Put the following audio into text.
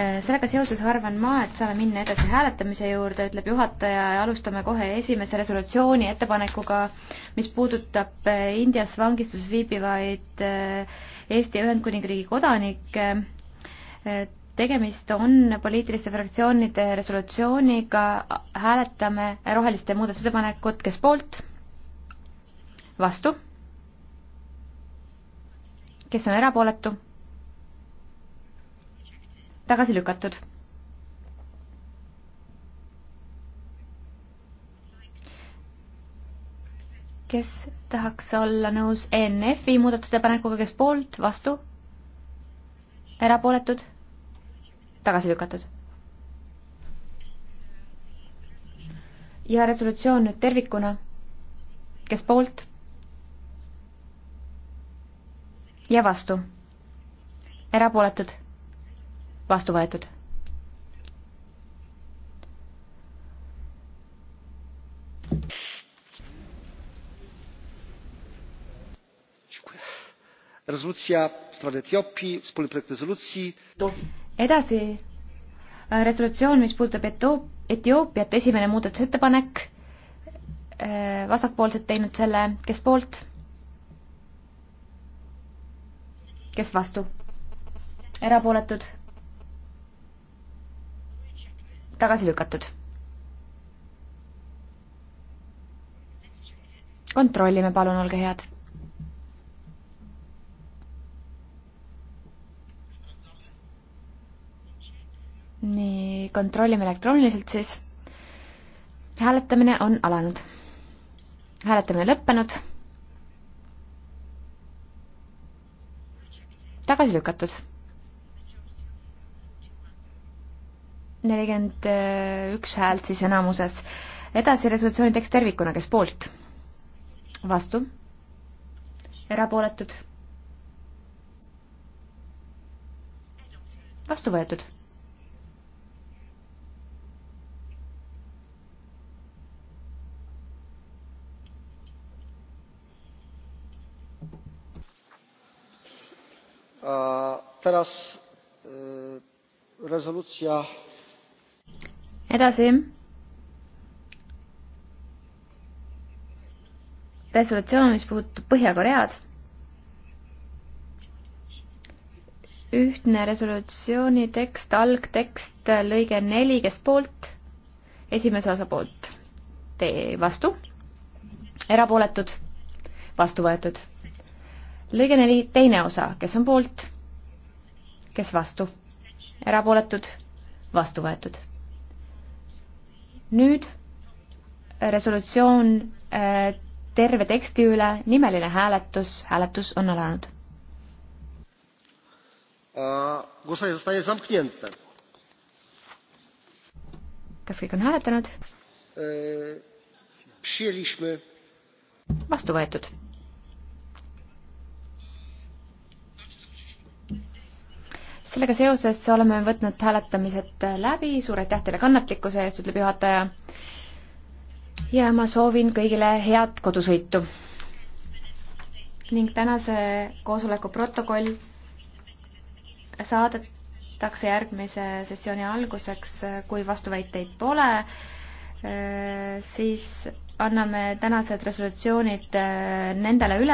Äh, sellega seoses arvan ma, et saame minna edasi hääletamise juurde, ütleb juhataja ja alustame kohe esimese resolutsiooni ettepanekuga, mis puudutab äh, Indias vangistuses viibivaid äh, Eesti Ühendkuningriigi kodanikke. tegemist on poliitiliste fraktsioonide resolutsiooniga, hääletame roheliste muudatusettepanekut, kes poolt? vastu? kes on erapooletu? tagasi lükatud. kes tahaks olla nõus ENF-i muudatusettepanekuga, kes poolt, vastu, erapooletud, tagasi lükatud? ja resolutsioon nüüd tervikuna, kes poolt ja vastu, erapooletud vastu võetud. edasi äh, resolutsioon, mis puudutab Etioopiat, esimene muudatusettepanek, äh, vasakpoolsed teinud selle, kes poolt? kes vastu? erapooletud tagasi lükatud. kontrollime, palun, olge head. nii, kontrollime elektrooniliselt siis. hääletamine on alanud. hääletamine lõppenud. tagasi lükatud nelikümmend üks häält siis enamuses. edasi resolutsiooni tekst tervikuna, kes poolt? vastu? erapooletud? vastu võetud teraz e, rezolucja edasi. resolutsioon, mis puudutab Põhja-Koread. ühtne resolutsiooni tekst, algtekst, lõige neli, kes poolt? esimese osa poolt. tee vastu. erapooletud? vastu võetud. lõige neli, teine osa, kes on poolt? kes vastu? erapooletud? vastu võetud nüüd äh, resolutsioon äh, terve teksti üle, nimeline hääletus, hääletus on alanud. kas kõik on hääletanud? E, vastu võetud sellega seoses oleme võtnud hääletamised läbi, suur aitäh teile kannatlikkuse eest, ütleb juhataja. ja ma soovin kõigile head kodusõitu. ning tänase koosoleku protokoll saadetakse järgmise sessiooni alguseks, kui vastuväiteid pole, siis anname tänased resolutsioonid nendele üle,